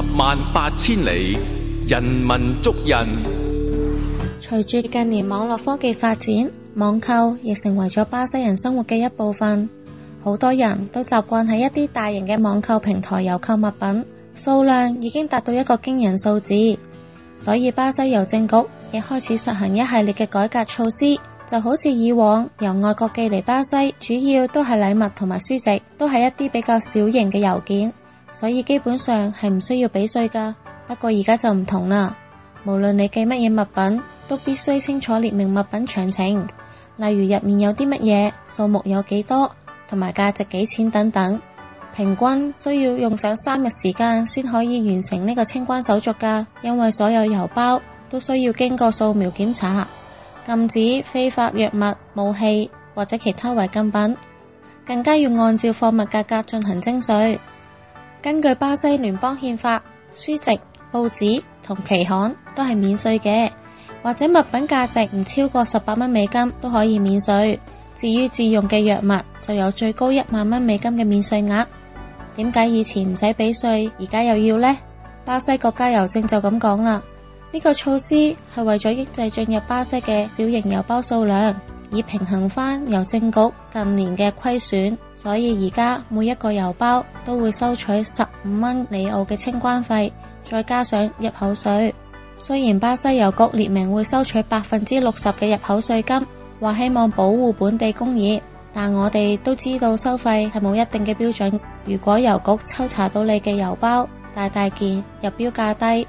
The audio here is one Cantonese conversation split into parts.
十萬八千里，人文足印。隨住近年網絡科技發展，網購亦成為咗巴西人生活嘅一部分。好多人都習慣喺一啲大型嘅網購平台郵購物品，數量已經達到一個驚人數字。所以巴西郵政局亦開始實行一系列嘅改革措施。就好似以往由外國寄嚟巴西，主要都係禮物同埋書籍，都係一啲比較小型嘅郵件。所以基本上係唔需要俾稅噶。不過而家就唔同啦，無論你寄乜嘢物品，都必須清楚列明物品詳情，例如入面有啲乜嘢，數目有幾多，同埋價值幾錢等等。平均需要用上三日時間先可以完成呢個清關手續噶，因為所有郵包都需要經過掃描檢查，禁止非法藥物、武器或者其他違禁品，更加要按照貨物價格進行徵稅。根據巴西聯邦憲法，書籍、報紙同期刊都係免稅嘅，或者物品價值唔超過十八蚊美金都可以免稅。至於自用嘅藥物就有最高一萬蚊美金嘅免稅額。點解以前唔使俾稅，而家又要呢？巴西國家郵政就咁講啦。呢個措施係為咗抑制進入巴西嘅小型郵包數量。以平衡翻郵政局近年嘅虧損，所以而家每一個郵包都會收取十五蚊里奧嘅清關費，再加上入口稅。雖然巴西郵局列明會收取百分之六十嘅入口稅金，話希望保護本地工業，但我哋都知道收費係冇一定嘅標準。如果郵局抽查到你嘅郵包大大件，入標價低，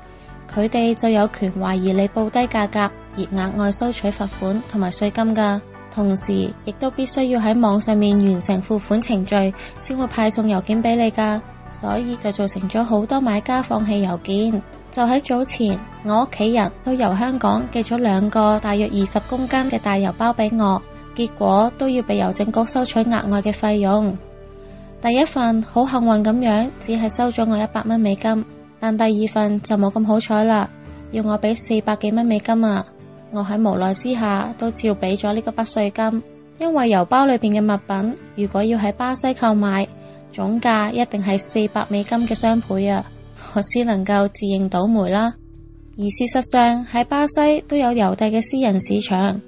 佢哋就有權懷疑你報低價格。而額外收取罰款同埋稅金噶，同時亦都必須要喺網上面完成付款程序，先會派送郵件俾你噶。所以就造成咗好多買家放棄郵件。就喺早前，我屋企人都由香港寄咗兩個大約二十公斤嘅大郵包俾我，結果都要被郵政局收取額外嘅費用。第一份好幸運咁樣，只係收咗我一百蚊美金，但第二份就冇咁好彩啦，要我俾四百幾蚊美金啊！我喺無奈之下都照俾咗呢個筆稅金，因為郵包裏邊嘅物品如果要喺巴西購買，總價一定係四百美金嘅雙倍啊！我只能夠自認倒霉啦。而事實上喺巴西都有郵遞嘅私人市場，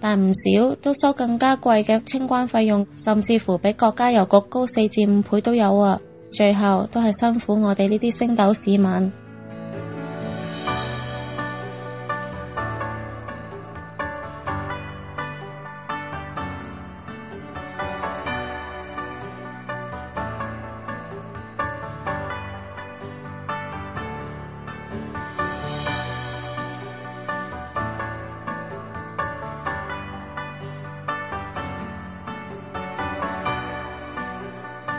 但唔少都收更加貴嘅清關費用，甚至乎比國家郵局高四至五倍都有啊！最後都係辛苦我哋呢啲升斗市民。